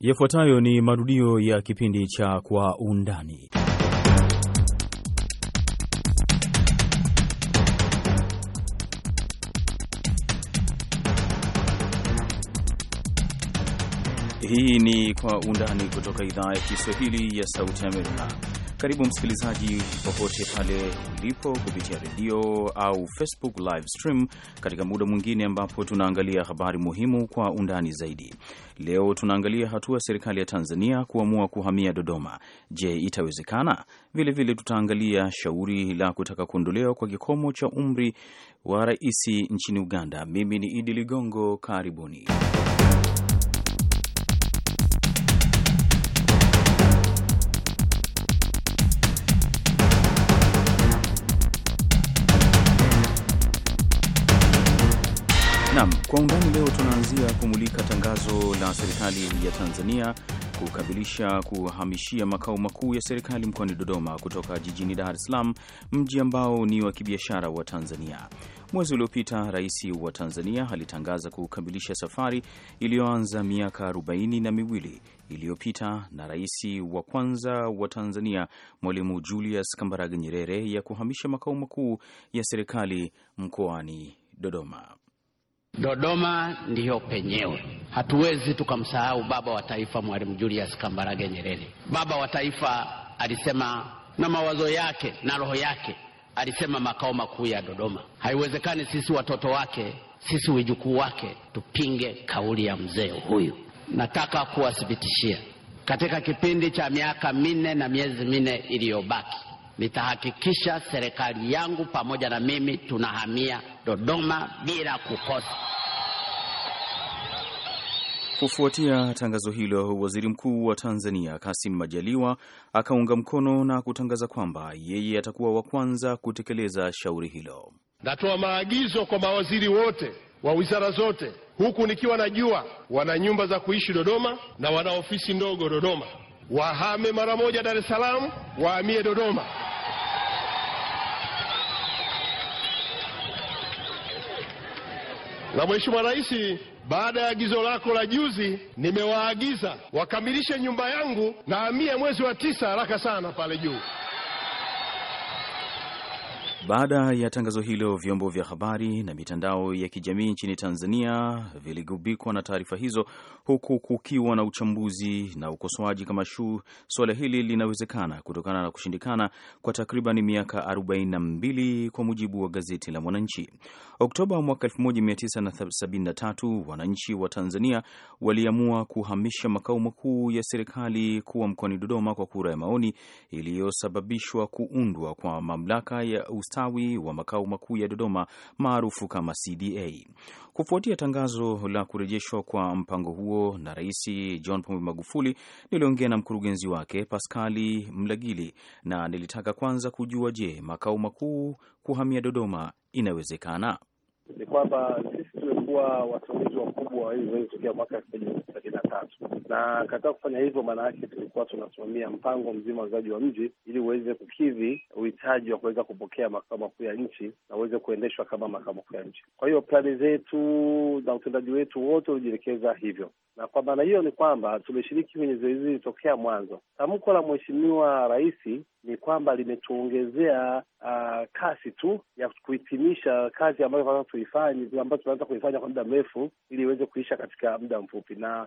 Yafuatayo ni marudio ya kipindi cha Kwa Undani. Hii ni Kwa Undani kutoka idhaa ya Kiswahili ya Sauti Amerika. Karibu msikilizaji, popote pale ulipo, kupitia redio au Facebook live stream, katika muda mwingine ambapo tunaangalia habari muhimu kwa undani zaidi. Leo tunaangalia hatua serikali ya Tanzania kuamua kuhamia Dodoma. Je, itawezekana? Vilevile tutaangalia shauri la kutaka kuondolewa kwa kikomo cha umri wa rais nchini Uganda. Mimi ni Idi Ligongo, karibuni. Naam, kwa undani leo tunaanzia kumulika tangazo la serikali ya Tanzania kukabilisha kuhamishia makao makuu ya serikali mkoani Dodoma kutoka jijini Dar es Salaam, mji ambao ni wa kibiashara wa Tanzania. Mwezi uliopita rais wa Tanzania alitangaza kukamilisha safari iliyoanza miaka arobaini na miwili iliyopita na rais wa kwanza wa Tanzania Mwalimu Julius Kambarage Nyerere ya kuhamisha makao makuu ya serikali mkoani Dodoma. Dodoma ndiyo penyewe. Hatuwezi tukamsahau baba wa taifa Mwalimu Julius Kambarage Nyerere. Baba wa taifa alisema na mawazo yake na roho yake alisema makao makuu ya Dodoma. Haiwezekani sisi watoto wake, sisi wijukuu wake tupinge kauli ya mzee huyu. Nataka kuwathibitishia katika kipindi cha miaka minne na miezi minne iliyobaki nitahakikisha serikali yangu pamoja na mimi tunahamia Dodoma bila kukosa. Kufuatia tangazo hilo, waziri mkuu wa Tanzania Kassim Majaliwa akaunga mkono na kutangaza kwamba yeye atakuwa wa kwanza kutekeleza shauri hilo. Natoa maagizo kwa mawaziri wote wa wizara zote, huku nikiwa najua wana nyumba za kuishi Dodoma na wana ofisi ndogo Dodoma, wahame mara moja Dar es Salaam, wahamie Dodoma. Na Mheshimiwa Rais, baada ya agizo lako la juzi, nimewaagiza wakamilishe nyumba yangu, na amia mwezi wa tisa haraka sana pale juu. Baada ya tangazo hilo, vyombo vya habari na mitandao ya kijamii nchini Tanzania viligubikwa na taarifa hizo, huku kukiwa na uchambuzi na ukosoaji kama shu suala hili linawezekana kutokana na kushindikana kwa takriban miaka 42 kwa mujibu wa gazeti la Mwananchi. Oktoba mwaka 1973 wananchi wa Tanzania waliamua kuhamisha makao makuu ya serikali kuwa mkoani Dodoma kwa kura ya maoni iliyosababishwa kuundwa kwa mamlaka ya ustawi wa makao makuu ya Dodoma maarufu kama CDA. Kufuatia tangazo la kurejeshwa kwa mpango huo na Rais John Pombe Magufuli, niliongea na mkurugenzi wake Paskali Mlagili na nilitaka kwanza kujua, je, makao makuu kuhamia Dodoma inawezekana? Ni kwamba sisi kuwa wasimamizi wakubwa wa hizo hizi tokea mwaka elfu mbili na sabini na tatu na katika kufanya hivyo, maana yake tulikuwa tunasimamia mpango mzima wa uzaji wa mji ili uweze kukidhi uhitaji wa kuweza kupokea makao makuu ya nchi na uweze kuendeshwa kama makao makuu ya nchi. Kwa hiyo plani zetu na utendaji wetu wote ulijielekeza hivyo, na kwa maana hiyo ni kwamba tumeshiriki kwenye zoezi hili tokea mwanzo. Tamko la Mheshimiwa Rais ni kwamba limetuongezea uh, kasi tu ya kuhitimisha kazi ambayo kwanza tuifanye ambayo tunaanza kuifanya kwa muda mrefu ili iweze kuisha katika muda mfupi, na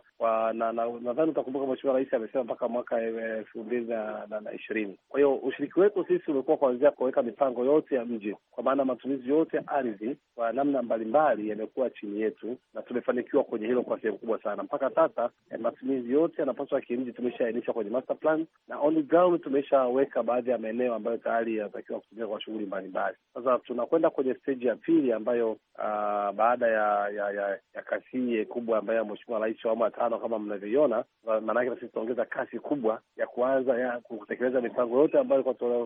nadhani na, na, utakumbuka Mheshimiwa Rais amesema mpaka mwaka elfu mbili na ishirini. Kwa hiyo ushiriki wetu sisi umekuwa kuanzia kuweka mipango yote ya mji, kwa maana matumizi yote ya ardhi kwa namna mbalimbali yamekuwa chini yetu, na tumefanikiwa kwenye hilo kwa sehemu kubwa sana. Mpaka sasa eh, matumizi yote yanapaswa kimji tumeshaainisha kwenye master plan na on the ground tumeshaweka baadhi ya maeneo ambayo tayari yanatakiwa kutumika kwa shughuli mbalimbali. Sasa tunakwenda kwenye steji ya pili ambayo uh, baada ya ya, ya, ya kasi hii kubwa ambayo Mheshimiwa Rais wa awamu ya tano kama mnavyoiona, maanake sisi tunaongeza kasi kubwa ya kuanza ya kutekeleza mipango yote ambayo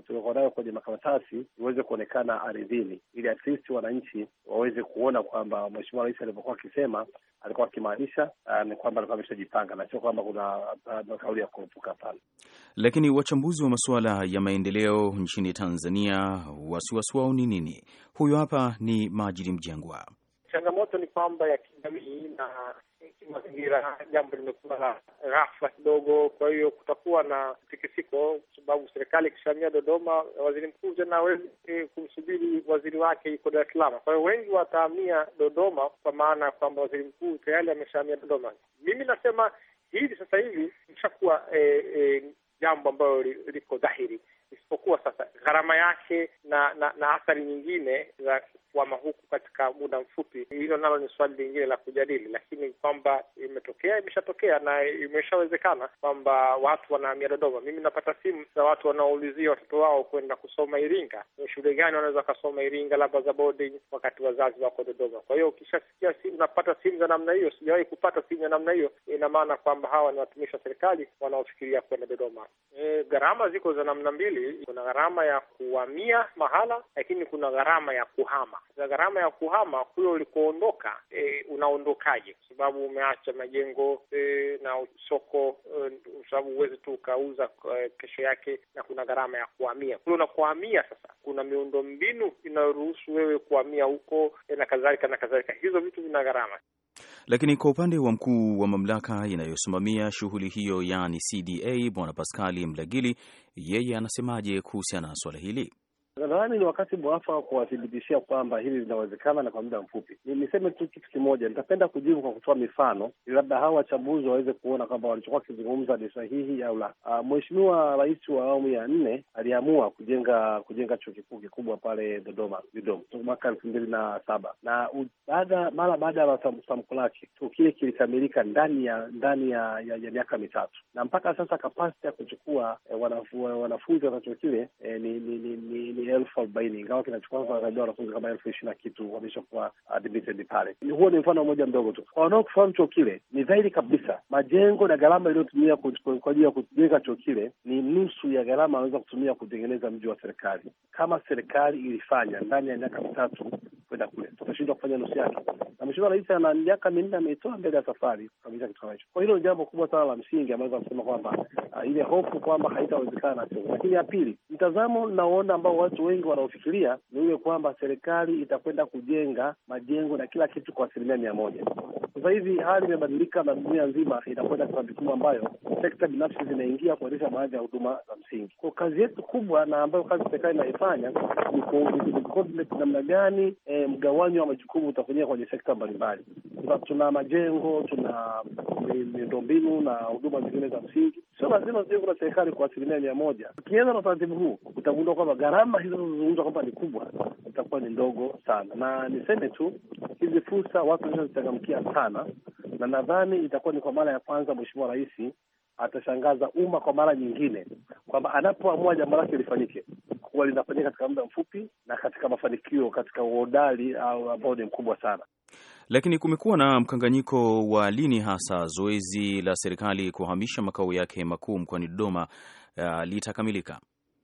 tulikuwa nayo kwenye makaratasi iweze kuonekana ardhini, ili at least wananchi waweze kuona kwamba Mheshimiwa Rais alivyokuwa akisema alikuwa akimaanisha uh, ni kwamba alikuwa ameshajipanga na sio kwamba kuna uh, kauli ya kuepuka. pale. lakini wachambuzi wa masuala ya maendeleo nchini Tanzania, wasiwasi wao ni nini? huyu hapa ni Majidi Mjengwa. Changamoto ni kwamba ya kijamii na mazingira, jambo limekuwa la ghafla kidogo, kwa hiyo kutakuwa na tikisiko, kwa sababu serikali ikishamia Dodoma, waziri mkuu tena hawezi kumsubiri waziri wake yuko Dar es Salaam. Kwa hiyo wengi watahamia Dodoma, kwa maana ya kwamba waziri mkuu tayari ameshahamia Dodoma. Mimi nasema hivi sasa hivi ishakuwa e, eh, e, eh, jambo ambalo liko dhahiri isipokuwa sasa gharama yake na na, na athari nyingine za kuama huku katika muda mfupi, hilo nalo ni swali lingine la kujadili, lakini kwamba imetokea, imeshatokea na imeshawezekana kwamba watu wanahamia Dodoma. Mimi napata simu za watu wanaoulizia watoto wao kwenda kusoma Iringa, ni shule gani wanaweza wakasoma Iringa, labda za boarding, wakati wazazi wako Dodoma. Kwa hiyo ukishasikia simu, napata simu za namna hiyo, sijawahi kupata simu ya namna hiyo, ina maana kwamba hawa ni watumishi wa serikali wanaofikiria kwenda Dodoma. E, gharama ziko za namna mbili kuna gharama ya kuhamia mahala, lakini kuna gharama ya kuhama. Sasa gharama ya kuhama kule ulikoondoka, e, unaondokaje? Kwa sababu umeacha majengo e, na soko e, sababu huwezi tu ukauza e, kesho yake, na kuna gharama ya kuhamia kule unakohamia. Sasa kuna miundo mbinu inayoruhusu wewe kuhamia huko e, na kadhalika na kadhalika, hizo vitu vina gharama. Lakini kwa upande wa mkuu wa mamlaka inayosimamia shughuli hiyo, yaani CDA, Bwana Paskali Mlagili, yeye anasemaje kuhusiana na swala hili? Nadhani ni wakati mwafaka kuwathibitishia kwamba hili linawezekana na kwa muda mfupi. Niseme tu kitu kimoja, nitapenda kujibu kwa kutoa mifano ili labda hawa wachambuzi waweze kuona kwamba walichokuwa wakizungumza ni sahihi au la. Ah, Mheshimiwa Rais wa awamu ya nne aliamua kujenga kujenga chuo kikuu kikubwa pale Dodoma, Dodoma mwaka elfu mbili na saba na baada mara baada ya tamko lake chuo kile kilikamilika ndani ya ndani ya ya miaka mitatu, na mpaka sasa kapasiti ya kuchukua eh, wanafunzi wa chuo kile eh, ni, ni, ni, ni ni elfu arobaini ingawa kinachukua zaidi wanafunzi kama elfu ishirini na kitu wameshakuwa admitted pale. Huo ni mfano mmoja mdogo tu. Kwa wanaokifahamu chuo kile, ni dhahiri kabisa majengo na gharama iliyotumia kwa ajili ya kujenga chuo kile ni nusu ya gharama anaweza kutumia kutengeneza mji wa serikali. Kama serikali ilifanya ndani ya miaka mitatu kwenda kule, tutashindwa kufanya nusu yake, na Mheshimiwa Rais ana miaka minne ameitoa mbele ya safari kabisa kitu kama hicho. Kwa hilo ni jambo kubwa sana la msingi, ameweza kusema kwamba uh, ile hofu kwamba haitawezekana. Lakini ya pili, mtazamo naona ambao watu wengi wanaofikiria ni ule kwamba serikali itakwenda kujenga majengo na kila kitu kwa asilimia mia moja. Sasa hivi hali imebadilika na dunia nzima inakwenda kwa mifumo ambayo sekta binafsi zinaingia kuendesha baadhi ya huduma za msingi. Kwa kazi yetu kubwa na ambayo kazi serikali inaifanya ni namna gani e, mgawanyo wa majukumu utafanyika kwenye sekta mbalimbali kwa tuna majengo, tuna miundombinu na huduma zingine za msingi. Sio lazima ziwe kuna serikali kwa asilimia mia moja. Tukianza na utaratibu huu, utagundua kwamba gharama hizo zinazozungumzwa kwamba ni kubwa itakuwa ni ndogo sana, na niseme tu hizi fursa watu wameshazichangamkia sana, na nadhani itakuwa ni kwa mara ya kwanza Mheshimiwa Rais atashangaza umma kwa mara nyingine kwamba anapoamua jambo lake lifanyike huwa linafanyika katika muda mfupi na katika mafanikio, katika uhodari ambao ni mkubwa sana. Lakini kumekuwa na mkanganyiko wa lini hasa zoezi la serikali kuhamisha makao yake makuu mkoani Dodoma uh, litakamilika.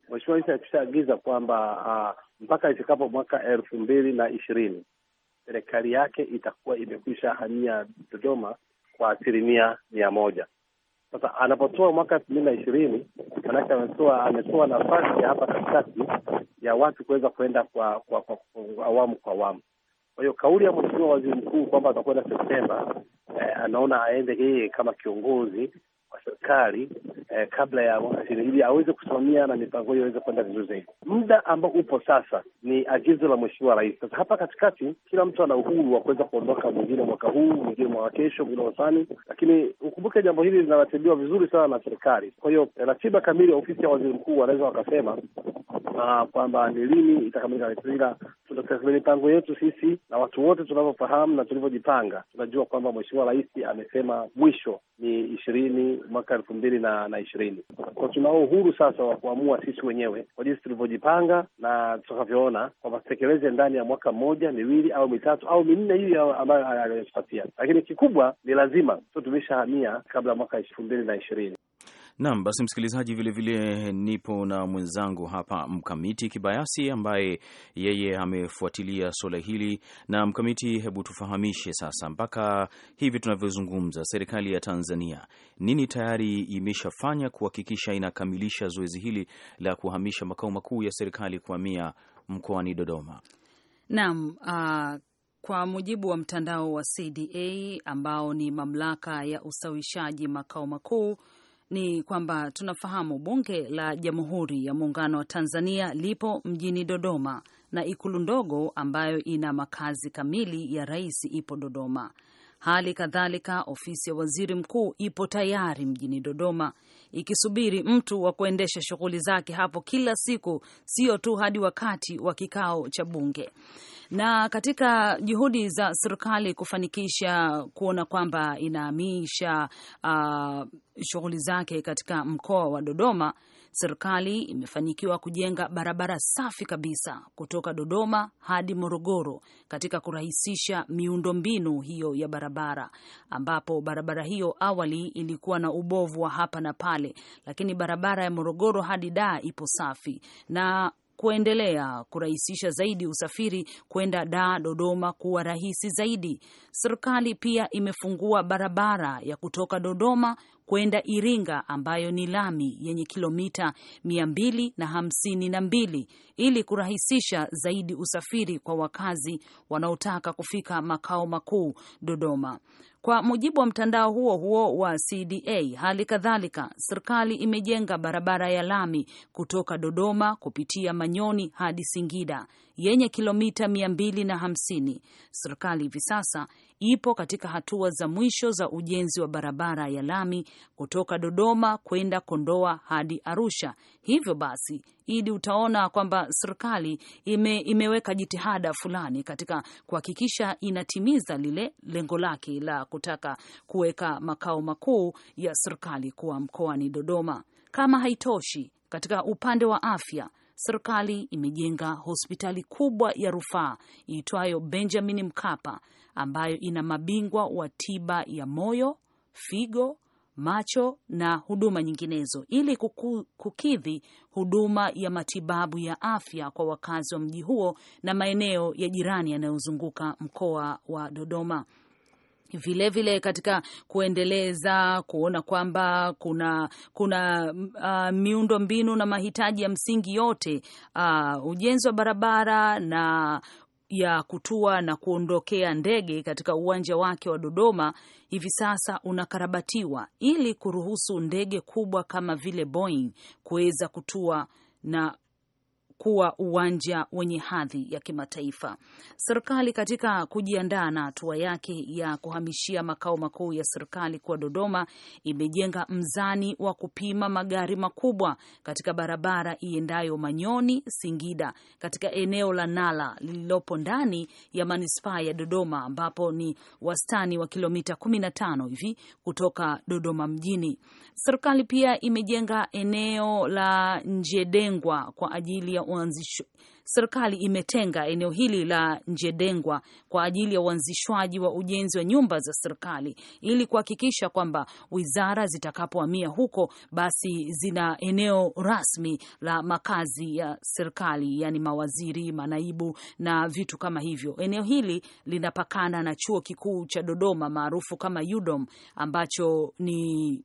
Mheshimiwa Rais akishaagiza kwamba uh, mpaka ifikapo mwaka elfu mbili na ishirini serikali yake itakuwa imekwisha hamia Dodoma kwa asilimia mia moja. Sasa anapotoa mwaka elfu mbili na ishirini manake ametoa nafasi ya hapa katikati ya watu kuweza kuenda kwa awamu kwa awamu kwa kwa hiyo kauli ya mheshimiwa waziri mkuu kwamba atakwenda Septemba eh, anaona aende yeye kama kiongozi wa serikali eh, kabla ya waziri, ili aweze kusimamia na mipango hiyo iweze kwenda vizuri zaidi. Muda ambao upo sasa ni agizo la Mheshimiwa Rais. Sasa hapa katikati, kila mtu ana uhuru wa kuweza kuondoka, mwingine mwaka huu, mwingine mwaka kesho, mwingine mwakani, lakini ukumbuke jambo hili linaratibiwa vizuri sana na serikali. Kwa hiyo eh, ratiba kamili ya ofisi ya waziri mkuu wanaweza wakasema ah, kwamba ni lini itakamilika, ila kwenye mipango yetu sisi na watu wote tunavyofahamu na tulivyojipanga, tunajua kwamba Mheshimiwa Rais amesema mwisho ni ishirini mwaka elfu mbili na na ishirini kwa tuna uhuru sasa wa kuamua sisi wenyewe kwa jinsi tulivyojipanga na tutakavyoona kwamba tutekeleze ndani ya mwaka mmoja miwili au mitatu au minne hiyo ambayo aliyotupatia, lakini kikubwa ni lazima tu tumeshahamia kabla ya mwaka elfu mbili na ishirini. Naam, basi msikilizaji, vilevile nipo na mwenzangu hapa Mkamiti Kibayasi ambaye yeye amefuatilia suala hili. Na Mkamiti, hebu tufahamishe sasa, mpaka hivi tunavyozungumza, serikali ya Tanzania nini tayari imeshafanya kuhakikisha inakamilisha zoezi hili la kuhamisha makao makuu ya serikali kuhamia mkoani Dodoma? Naam, uh... Kwa mujibu wa mtandao wa CDA ambao ni mamlaka ya usawishaji makao makuu ni kwamba tunafahamu bunge la Jamhuri ya Muungano wa Tanzania lipo mjini Dodoma na ikulu ndogo ambayo ina makazi kamili ya rais ipo Dodoma. Hali kadhalika ofisi ya waziri mkuu ipo tayari mjini Dodoma ikisubiri mtu wa kuendesha shughuli zake hapo kila siku, sio tu hadi wakati wa kikao cha bunge. Na katika juhudi za serikali kufanikisha kuona kwamba inaamisha uh, ah, shughuli zake katika mkoa wa Dodoma serikali imefanikiwa kujenga barabara safi kabisa kutoka Dodoma hadi Morogoro katika kurahisisha miundombinu hiyo ya barabara, ambapo barabara hiyo awali ilikuwa na ubovu wa hapa na pale, lakini barabara ya Morogoro hadi Daa ipo safi na kuendelea kurahisisha zaidi usafiri kwenda Dar Dodoma kuwa rahisi zaidi. Serikali pia imefungua barabara ya kutoka Dodoma kwenda Iringa ambayo ni lami yenye kilomita mia mbili na hamsini na mbili ili kurahisisha zaidi usafiri kwa wakazi wanaotaka kufika makao makuu Dodoma. Kwa mujibu wa mtandao huo huo wa CDA, hali kadhalika serikali imejenga barabara ya lami kutoka Dodoma kupitia Manyoni hadi Singida yenye kilomita 250. Serikali hivi sasa ipo katika hatua za mwisho za ujenzi wa barabara ya lami kutoka Dodoma kwenda Kondoa hadi Arusha Hivyo basi, Idi, utaona kwamba serikali ime, imeweka jitihada fulani katika kuhakikisha inatimiza lile lengo lake la kutaka kuweka makao makuu ya serikali kuwa mkoani Dodoma. Kama haitoshi, katika upande wa afya serikali imejenga hospitali kubwa ya rufaa iitwayo Benjamin Mkapa ambayo ina mabingwa wa tiba ya moyo, figo macho na huduma nyinginezo ili kuku, kukidhi huduma ya matibabu ya afya kwa wakazi wa mji huo na maeneo ya jirani yanayozunguka mkoa wa Dodoma. Vilevile vile katika kuendeleza kuona kwamba kuna, kuna uh, miundo mbinu na mahitaji ya msingi yote uh, ujenzi wa barabara na ya kutua na kuondokea ndege katika uwanja wake wa Dodoma hivi sasa unakarabatiwa ili kuruhusu ndege kubwa kama vile Boeing kuweza kutua na kuwa uwanja wenye hadhi ya kimataifa. Serikali katika kujiandaa na hatua yake ya kuhamishia makao makuu ya serikali kuwa Dodoma imejenga mzani wa kupima magari makubwa katika barabara iendayo Manyoni Singida, katika eneo la Nala lililopo ndani ya manispaa ya Dodoma, ambapo ni wastani wa kilomita 15 hivi kutoka Dodoma mjini. Serikali pia imejenga eneo la Njedengwa kwa ajili ya uanzishwa serikali imetenga eneo hili la Njedengwa kwa ajili ya uanzishwaji wa ujenzi wa nyumba za serikali ili kuhakikisha kwamba wizara zitakapohamia huko basi zina eneo rasmi la makazi ya serikali, yani mawaziri, manaibu na vitu kama hivyo. Eneo hili linapakana na chuo kikuu cha Dodoma maarufu kama UDOM ambacho ni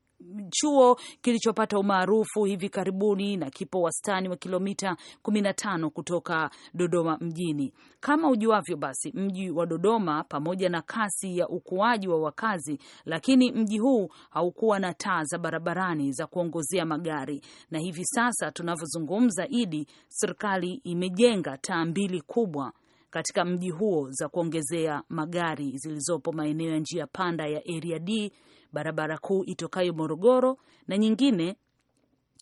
chuo kilichopata umaarufu hivi karibuni na kipo wastani wa kilomita 15 kutoka Dodoma mjini. Kama ujuavyo, basi mji wa Dodoma pamoja na kasi ya ukuaji wa wakazi, lakini mji huu haukuwa na taa za barabarani za kuongozea magari, na hivi sasa tunavyozungumza, Idi, serikali imejenga taa mbili kubwa katika mji huo za kuongezea magari zilizopo maeneo ya njia panda ya Area D barabara kuu itokayo Morogoro na nyingine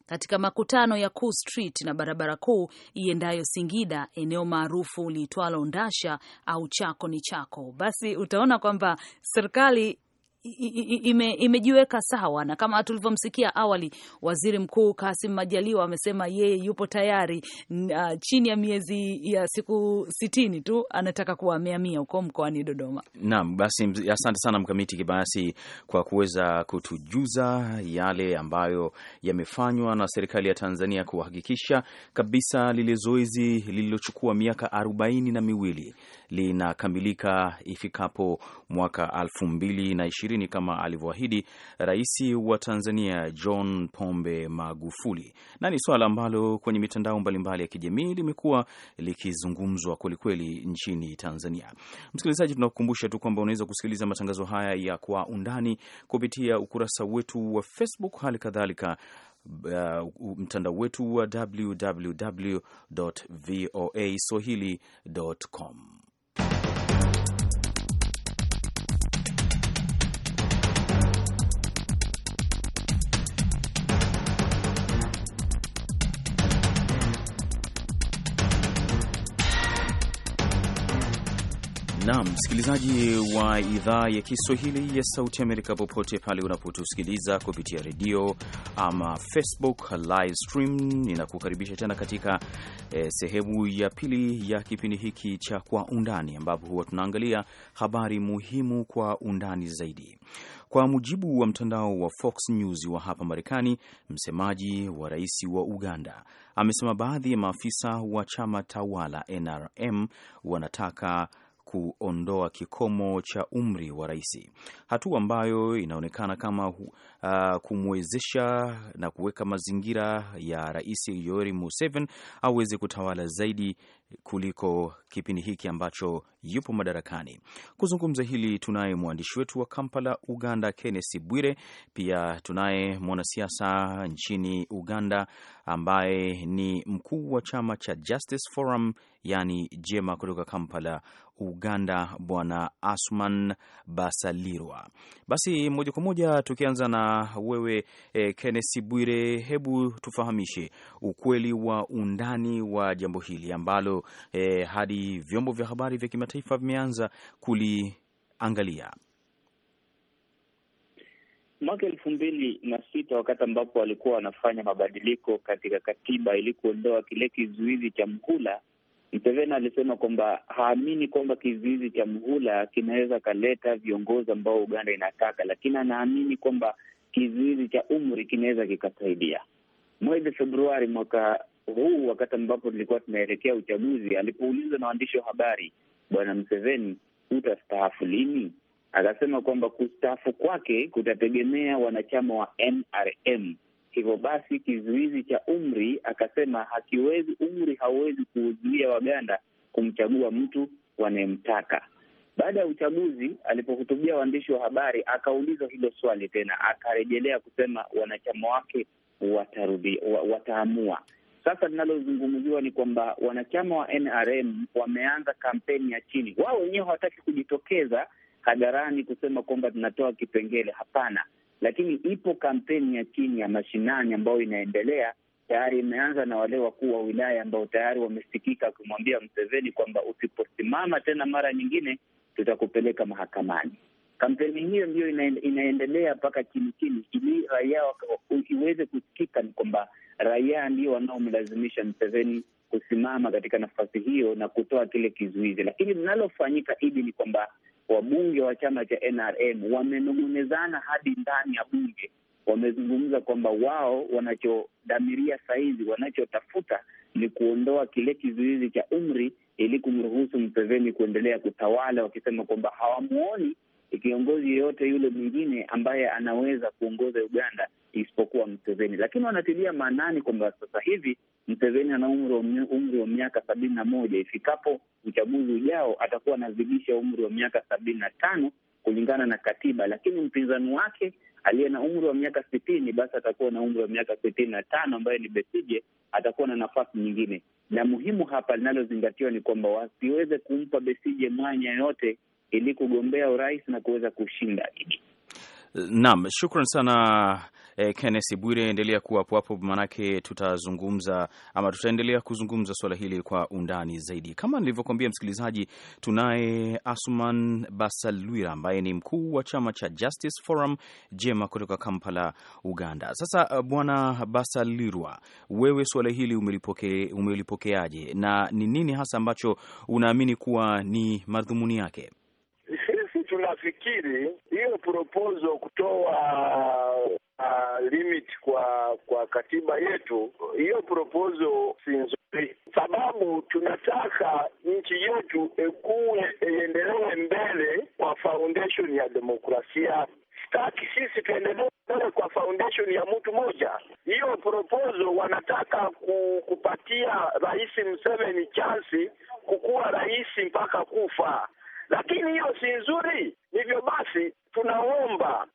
katika makutano ya Kuu Street na barabara kuu iendayo Singida, eneo maarufu liitwalo Ndasha au Chako ni Chako. Basi utaona kwamba serikali ime, imejiweka sawa, na kama tulivyomsikia awali Waziri Mkuu Kasim Majaliwa amesema yeye yupo tayari uh, chini ya miezi ya siku sitini tu anataka kuwameamia huko mkoani Dodoma. Naam, basi asante sana Mkamiti Kibayasi kwa kuweza kutujuza yale ambayo yamefanywa na serikali ya Tanzania kuhakikisha kabisa lile zoezi lililochukua miaka arobaini na miwili linakamilika ifikapo mwaka elfu mbili na ishirini ishirini kama alivyoahidi rais wa Tanzania John Pombe Magufuli, na ni swala ambalo kwenye mitandao mbalimbali ya kijamii limekuwa likizungumzwa kwelikweli nchini Tanzania. Msikilizaji, tunakukumbusha tu kwamba unaweza kusikiliza matangazo haya ya kwa undani kupitia ukurasa wetu wa Facebook, hali kadhalika Uh, mtandao wetu wa www voa Naam, msikilizaji wa idhaa ya Kiswahili ya Sauti Amerika, popote pale unapotusikiliza kupitia redio ama Facebook live stream, ninakukaribisha tena katika eh, sehemu ya pili ya kipindi hiki cha Kwa Undani, ambapo huwa tunaangalia habari muhimu kwa undani zaidi. Kwa mujibu wa mtandao wa Fox News wa hapa Marekani, msemaji wa rais wa Uganda amesema baadhi ya maafisa wa chama tawala NRM wanataka kuondoa kikomo cha umri wa rais, hatua ambayo inaonekana kama uh, kumwezesha na kuweka mazingira ya rais Yoweri Museveni aweze kutawala zaidi kuliko kipindi hiki ambacho yupo madarakani. Kuzungumza hili tunaye mwandishi wetu wa Kampala, Uganda, Kenneth Bwire. Pia tunaye mwanasiasa nchini Uganda ambaye ni mkuu wa chama cha Justice Forum, yani Jema, kutoka Kampala, Uganda, Bwana Asman Basalirwa. Basi moja kwa moja tukianza na wewe e, eh, Kennesi Bwire, hebu tufahamishe ukweli wa undani wa jambo hili ambalo e, hadi vyombo vya habari vya kimataifa vimeanza kuliangalia. Mwaka elfu mbili na sita wakati ambapo walikuwa wanafanya mabadiliko katika katiba ili kuondoa kile kizuizi cha mhula Mseveni alisema kwamba haamini kwamba kizuizi cha mhula kinaweza kaleta viongozi ambao Uganda inataka, lakini anaamini kwamba kizuizi cha umri kinaweza kikasaidia. Mwezi Februari mwaka huu, wakati ambapo tulikuwa tunaelekea uchaguzi, alipoulizwa na waandishi wa habari, Bwana Mseveni, hutastaafu lini? Akasema kwamba kustaafu kwake kutategemea wanachama wa NRM Hivyo basi kizuizi cha umri akasema hakiwezi, umri hauwezi kuzuia Waganda kumchagua mtu wanayemtaka. Baada ya uchaguzi, alipohutubia waandishi wa habari, akaulizwa hilo swali tena, akarejelea kusema wanachama wake watarudi, wataamua. Sasa linalozungumziwa ni kwamba wanachama wa NRM wameanza kampeni ya chini, wao wenyewe hawataki kujitokeza hadharani kusema kwamba tunatoa kipengele. Hapana, lakini ipo kampeni ya chini ya mashinani ambayo inaendelea tayari, imeanza na wale wakuu wa wilaya ambao tayari wamesikika wakimwambia Mseveni kwamba usiposimama tena mara nyingine tutakupeleka mahakamani. Kampeni hiyo ndiyo inaendelea mpaka chini chini, ili raia iweze kusikika ni kwamba raia ndio wanaomlazimisha Mseveni kusimama katika nafasi hiyo na kutoa kile kizuizi. Lakini linalofanyika hivi ni kwamba wabunge wa chama cha NRM wamenong'onezana hadi ndani ya bunge. Wamezungumza kwamba wao wanachodhamiria sahizi, wanachotafuta ni kuondoa kile kizuizi cha umri ili kumruhusu Mseveni kuendelea kutawala, wakisema kwamba hawamwoni E, kiongozi yeyote yule mwingine ambaye anaweza kuongoza Uganda isipokuwa Mseveni. Lakini wanatilia maanani kwamba sasa hivi Mseveni ana umri wa miaka sabini na moja. Ifikapo uchaguzi ujao atakuwa anazidisha umri wa miaka sabini na tano kulingana na katiba, lakini mpinzani wake aliye na umri wa miaka sitini basi atakuwa na umri wa miaka sitini na tano ambaye ni Besije atakuwa na nafasi nyingine. La muhimu hapa linalozingatiwa ni kwamba wasiweze kumpa Besije mwanya yote ili kugombea urais na kuweza kushinda. Naam, shukran sana e, eh, Kennes Bwire, endelea kuwa hapo hapo, maanake tutazungumza ama tutaendelea kuzungumza swala hili kwa undani zaidi. Kama nilivyokuambia msikilizaji, tunaye Asuman Basalwira ambaye ni mkuu wa chama cha Justice Forum Jema kutoka Kampala, Uganda. Sasa eh, bwana Basalirwa, wewe suala hili umelipokeaje, na ni nini hasa ambacho unaamini kuwa ni madhumuni yake? nafikiri hiyo proposal kutoa uh, uh, limit kwa kwa katiba yetu, hiyo proposal si nzuri, sababu tunataka nchi yetu ikuwe iendelee mbele kwa foundation ya demokrasia. Sitaki sisi tuendelee mbele kwa foundation ya mtu moja. Hiyo proposal wanataka kupatia Rais Museveni chansi kukuwa rais mpaka kufa lakini hiyo si nzuri. Hivyo basi tunaomba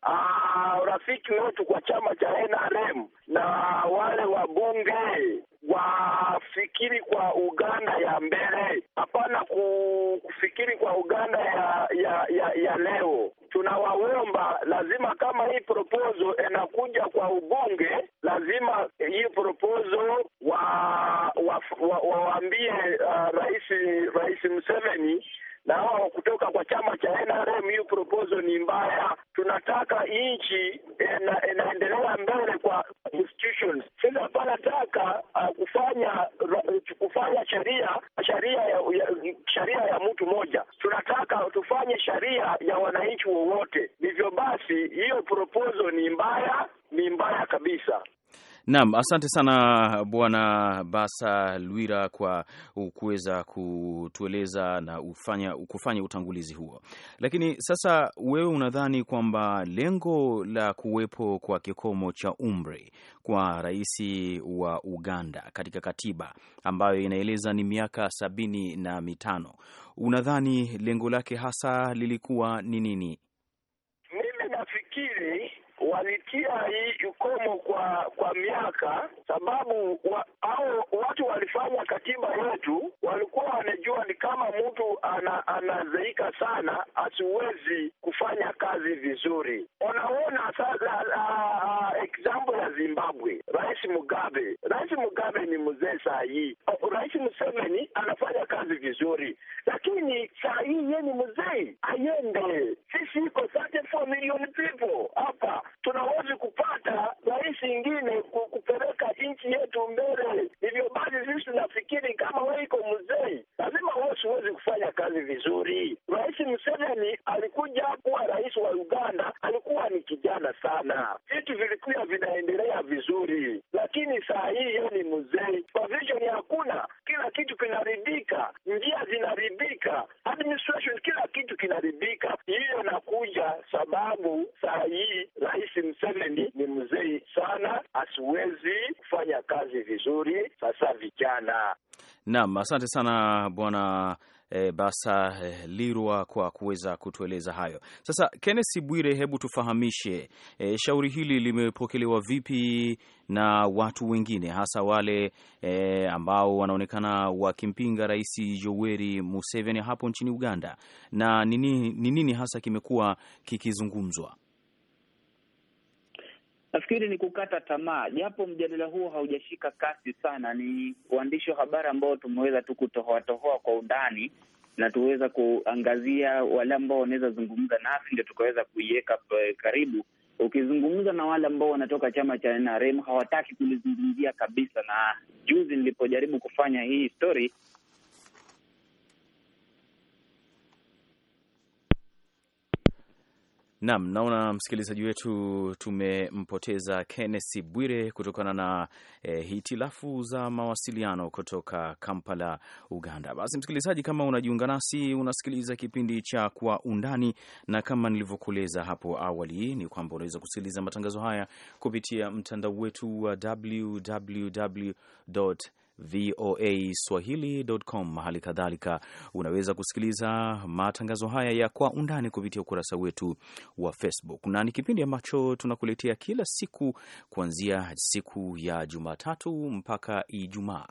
urafiki ah, wetu kwa chama cha NRM na wale wabunge wafikiri kwa Uganda ya mbele, hapana kufikiri kwa Uganda ya ya ya, ya leo. Tunawaomba lazima, kama hii proposal inakuja kwa ubunge, lazima hii proposal wa wawaambie wa, wa, uh, Rais Rais Museveni na hao kutoka kwa chama cha NRM. Hiyo proposal ni mbaya. Tunataka nchi inaendelea eh, eh, mbele kwa institutions. Sasa panataka uh, ah, kufanya kufanya sheria sheria ya, ya, sheria ya mtu moja. Tunataka tufanye sheria ya wananchi wowote. Hivyo basi hiyo proposal ni mbaya, ni mbaya kabisa. Naam, asante sana Bwana Basa Lwira kwa kuweza kutueleza na ufanya, kufanya utangulizi huo. Lakini sasa wewe unadhani kwamba lengo la kuwepo kwa kikomo cha umri kwa rais wa Uganda katika katiba ambayo inaeleza ni miaka sabini na mitano, unadhani lengo lake hasa lilikuwa ni nini? Mimi nafikiri walitia hii ukomo kwa kwa miaka, sababu wa, au watu walifanya katiba yetu walikuwa wanajua ni kama mtu ana, anazeika sana asiwezi kufanya kazi vizuri. Unaona sasa, example ya Zimbabwe, Rais Mugabe, Rais Mugabe ni mzee saa hii. Rais Museveni anafanya kazi vizuri, lakini saa hii ye ni mzee, ayende. Sisi iko 34 million people hapa tunawezi kupata rais ingine kupeleka nchi yetu mbele. Hivyo basi sisi tunafikiri kama we iko mzee, lazima wewe siwezi kufanya kazi vizuri. Rais Museveni alikuja kuwa rais wa Uganda, alikuwa ni kijana sana, vitu vilikuwa vinaendelea vizuri, lakini saa hii yeye ni mzee, provision hakuna, kila kitu kinaribika njia zinaribika, administration, kila kitu kinaribika. Hiyo nakuja sababu saa hii rais Rais Museveni ni mzee sana, asiwezi kufanya kazi vizuri, sasa vijana. nam asante sana bwana E, basa e, Lirwa kwa kuweza kutueleza hayo. Sasa kennesi Bwire, hebu tufahamishe e, shauri hili limepokelewa vipi na watu wengine hasa wale e, ambao wanaonekana wakimpinga Rais Yoweri Museveni hapo nchini Uganda, na ni nini hasa kimekuwa kikizungumzwa? Nafikiri ni kukata tamaa, japo mjadala huo haujashika kasi sana. Ni waandishi wa habari ambao tumeweza tu kutohoatohoa kwa undani na tuweza kuangazia wale ambao wanaweza zungumza nasi, ndio tukaweza kuiweka eh, karibu. Ukizungumza na wale ambao wanatoka chama cha NRM hawataki kulizungumzia kabisa, na juzi nilipojaribu kufanya hii story Naam, naona msikilizaji wetu tumempoteza kennesi Bwire kutokana na e, hitilafu za mawasiliano kutoka Kampala, Uganda. Basi msikilizaji, kama unajiunga nasi, unasikiliza kipindi cha Kwa Undani, na kama nilivyokueleza hapo awali ni kwamba unaweza kusikiliza matangazo haya kupitia mtandao wetu wa www voa swahili.com. Hali kadhalika unaweza kusikiliza matangazo haya ya kwa undani kupitia ukurasa wetu wa Facebook, na ni kipindi ambacho tunakuletea kila siku kuanzia siku ya Jumatatu mpaka Ijumaa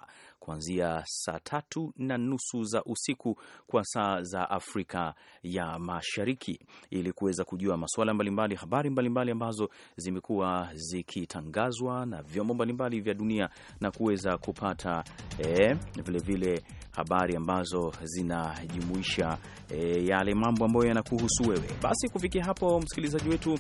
kuanzia saa tatu na nusu za usiku kwa saa za Afrika ya Mashariki, ili kuweza kujua masuala mbalimbali, habari mbalimbali ambazo zimekuwa zikitangazwa na vyombo mbalimbali vya dunia na kuweza kupata vilevile eh, vile habari ambazo zinajumuisha eh, yale mambo ambayo yanakuhusu wewe. Basi kufikia hapo, msikilizaji wetu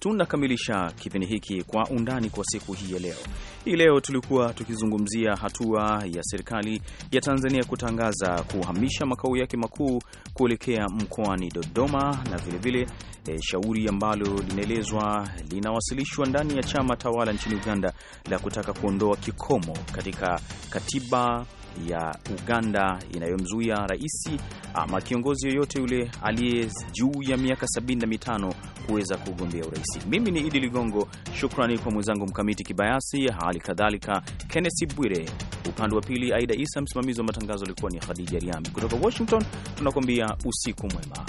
tunakamilisha kipindi hiki kwa undani kwa siku hii ya leo. Hii leo tulikuwa tukizungumzia hatua ya serikali ya Tanzania kutangaza kuhamisha makao yake makuu kuelekea mkoani Dodoma, na vilevile vile, e, shauri ambalo linaelezwa linawasilishwa ndani ya chama tawala nchini Uganda la kutaka kuondoa kikomo katika katiba ya Uganda inayomzuia rais ama kiongozi yoyote yule aliye juu ya miaka 75 kuweza kugombea urais. Mimi ni Idi Ligongo, shukrani kwa mwenzangu Mkamiti Kibayasi, hali kadhalika Kenneth Bwire, upande wa pili Aida Isa, msimamizi wa matangazo alikuwa ni Khadija Riami. Kutoka Washington tunakuambia usiku mwema.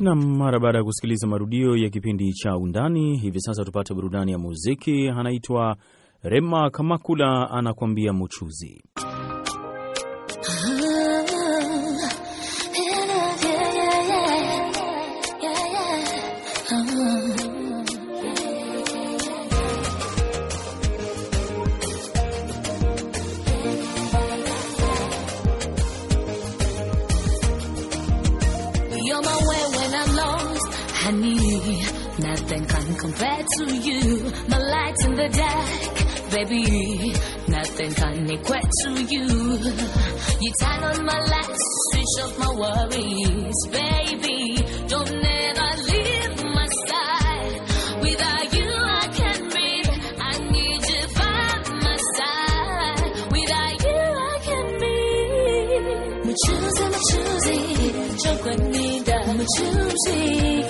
na mara baada ya kusikiliza marudio ya kipindi cha Undani, hivi sasa tupate burudani ya muziki. Anaitwa Rema Kamakula, anakuambia Muchuzi. to you, my light in the dark, baby. Nothing can equate to you. You turn on my lights, switch off my worries, baby. Don't ever leave my side. Without you, I can't breathe. I need you by my side. Without you, I can't breathe. I'm choosing, I'm choosing. 조건 네가 I'm choosing.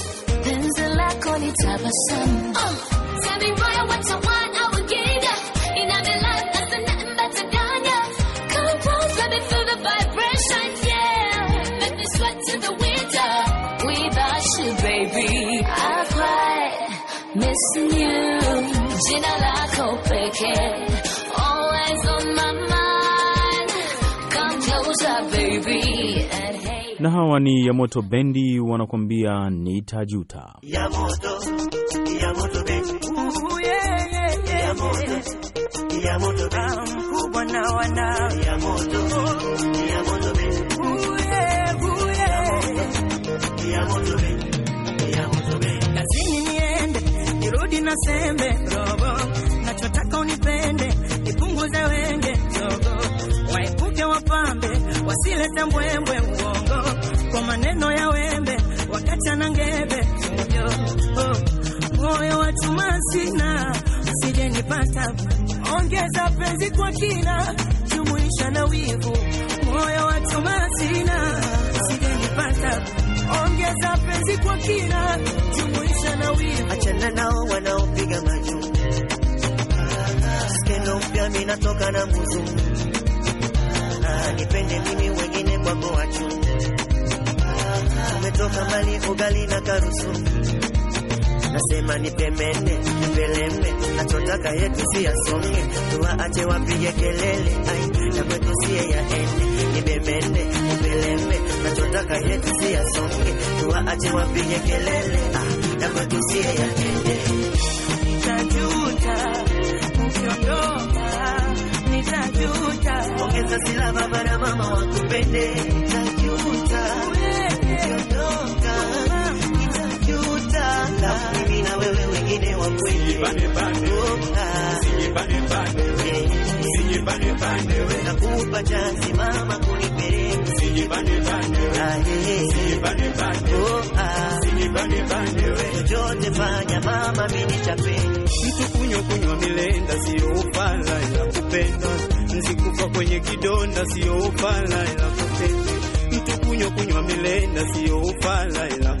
Uh, tell me why? what I want. hawa ni Yamoto Bendi wanakuambia nitajuta. Bendi. niende, nirudi na sembe robo, nachotaka unipende mapenzi kwa kina, jumuisha na wivu, moyo wa tumatina, sijanipata. Ongeza penzi kwa kina, jumuisha na wivu, achana nao wanaopiga majuu, skendo mpya mi natoka na nguzu, nipende mimi wengine kwako wachu, umetoka mali ugali na karusu nasema nipemene nipelembe, nachotaka yetu si yasonge, tuwaache wapige kelele, ai na kwetu siye yaende. Nipemene nipelembe, nachotaka yetu si yasonge, tuwaache wapige kelele, ah na kwetu siye yaende. Nitajuta ukiondoka, nitajuta. Ongeza silaba, baba na mama wakupende nakupa chansi mama kunipeleka ah, oh, ah. fanya mama mini chapeni mtu kunywa kunywa milenda siyo ufala ila kupenda nzi kwenye kidonda siyo ufala ila kupenda mtu kunywa kunywa milenda siyo ufala ila